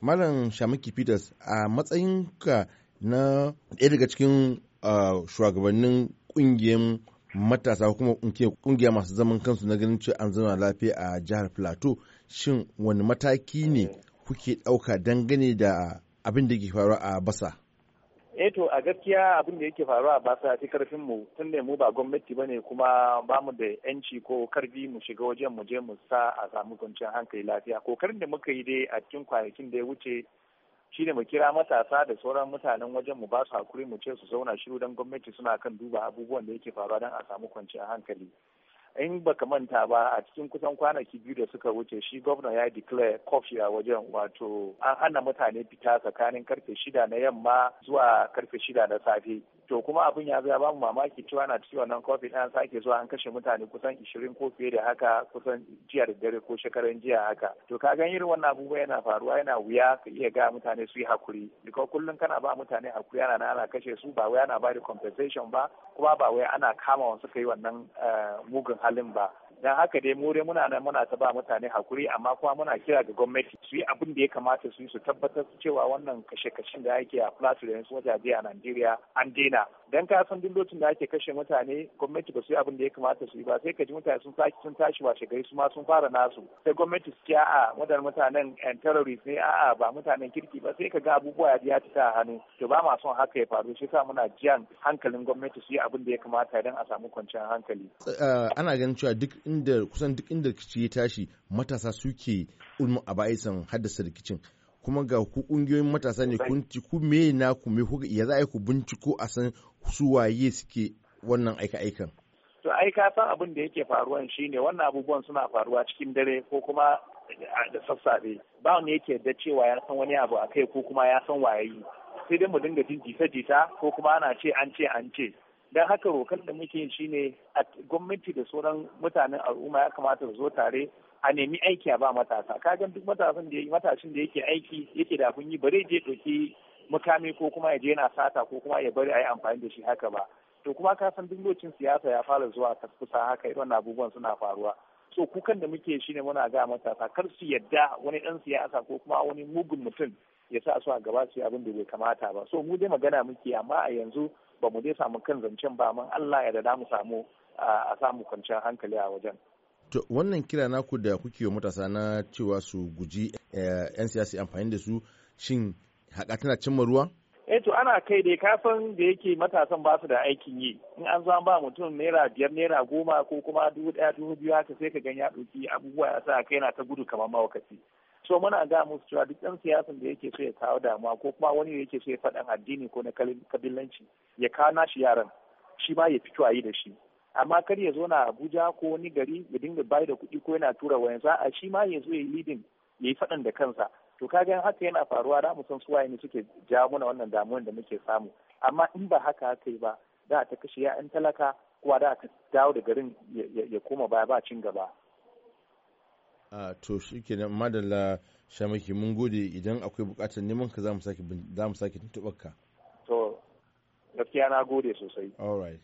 Malam Shamaki Peters a matsayinka na ɗaya daga cikin shugabannin ƙungiyar matasa kuma ƙungiya masu zaman kansu na ganin cewa an zama lafiya a jihar Plateau shin wani mataki ne kuke ɗauka dangane da abin da ke faruwa a basa? eto eh a gaskiya abin da yake faruwa ba sa fi karfin mu tun da mu ba gwamnati ba ne kuma ba mu da yanci ko karfi mu shiga wajen mu je mu sa a samu kwanciyar hankali lafiya kokarin da muka yi dai a cikin kwanakin da ya wuce shi ne mu kira matasa da sauran mutanen wajen mu ba su hakuri mu ce su zauna shiru dan gwamnati suna kan duba abubuwan da yake faruwa don a samu kwanciyar hankali in ba ka manta ba a cikin kusan kwanaki biyu da suka wuce shi gwamna ya declare kofi a wajen wato an hana mutane fita tsakanin karfe shida na yamma zuwa karfe shida na safe to kuma abin ya zai ba bamu mamaki cewa na cikin wannan kofi an sake zuwa an kashe mutane kusan ishirin ko fiye da haka kusan jiya da dare ko shekaran jiya haka to ka gan irin wannan abubuwa yana faruwa yana wuya ka iya ga mutane su yi hakuri duka kullum kana ba mutane hakuri na ana kashe su ba wai ana ba da compensation ba kuma ba wai ana kama wasu yi wannan eh, mugun halin ba dan haka dai mu dai muna nan muna ta ba mutane hakuri amma kuma muna kira ga gwamnati su yi abin da ya kamata su yi su tabbatar cewa wannan kashe kashin da ake a plateau da yanzu wajaje a Najeriya an daina dan ka san duk lokacin da ake kashe mutane gwamnati ba su yi abin da ya kamata su yi ba sai ka ji mutane sun saki sun tashi washe gari su ma sun fara nasu sai gwamnati su kiya a'a wadannan mutanen yan eh, terrorist ne a'a ba mutanen kirki ba sai ka ga abubuwa ya ci ta hannu to ba ma son haka ya faru shi sa muna jiyan hankalin gwamnati su yi abin da ya kamata don a samu kwanciyar hankali. Eh, ana ganin cewa duk inda kusan duk inda rikici ya tashi matasa suke ulmu a ba'isan haddasa rikicin kuma ga ku kungiyoyin matasa ne kun ku me na ku me kuka ya za a ku binciko a san su waye suke wannan aika aikan to ai ka san abin da yake faruwa shine wannan abubuwan suna faruwa cikin dare ko kuma da sassafe ba wani yake da cewa ya san wani abu a kai ko kuma ya san waye sai dai mu dinga jita-jita ko kuma ana ce an ce an ce don haka rokan da muke shi ne a gwamnati da sauran mutanen al'umma ya kamata su zo tare a nemi aiki a ba matasa kagan duk matasan da matashin da yake aiki yake da abin yi bare je ɗauki mukami ko kuma ya je yana sata ko kuma ya bari a yi amfani da shi haka ba to kuma ka san duk lokacin siyasa ya fara zuwa kusa haka irin abubuwan suna faruwa so kukan da muke shi ne muna ga matasa kar su yadda wani dan siyasa ko kuma wani mugun mutum ya sa su a gaba su abin da bai kamata ba so mu dai magana muke amma a yanzu ba mu dai samu kan zancen ba amma Allah ya da mu samu a samu kwanciyar hankali a wajen to wannan kira naku da kuke wa matasa na cewa su guji eh, 'yan siyasa amfani da su shin haƙa tana cimma ruwa eh to ana kai dai kafin da yake matasan ba su da aikin yi in an zo ba mutum naira biyar naira goma ko kuma dubu ɗaya dubu biyu haka sai ka ganya ɗauki abubuwa ya sa kai na ta gudu kamar mawakaci so muna ga musu cewa duk ɗan siyasan da yake so ya kawo damuwa ko kuma wani da yake so ya faɗan addini ko na kabilanci ya kawo nashi yaran shi ma ya fito a yi da shi amma kar ya zo na abuja ko wani gari ya dinga bayar da kuɗi ko yana tura wayan za a shi ma ya zo ya yi leading ya yi faɗan da kansa to kaga haka yana faruwa za mu san suwaye ne suke jawo muna wannan damuwar da muke samu amma in ba haka haka ba da ta kashe ya'yan talaka kuwa da ta dawo da garin ya koma baya ba cin gaba a to shi nan madalla shamaki mun gode idan akwai bukatar neman ka za mu sake tuntuɓar ka to gaskiya na gode sosai all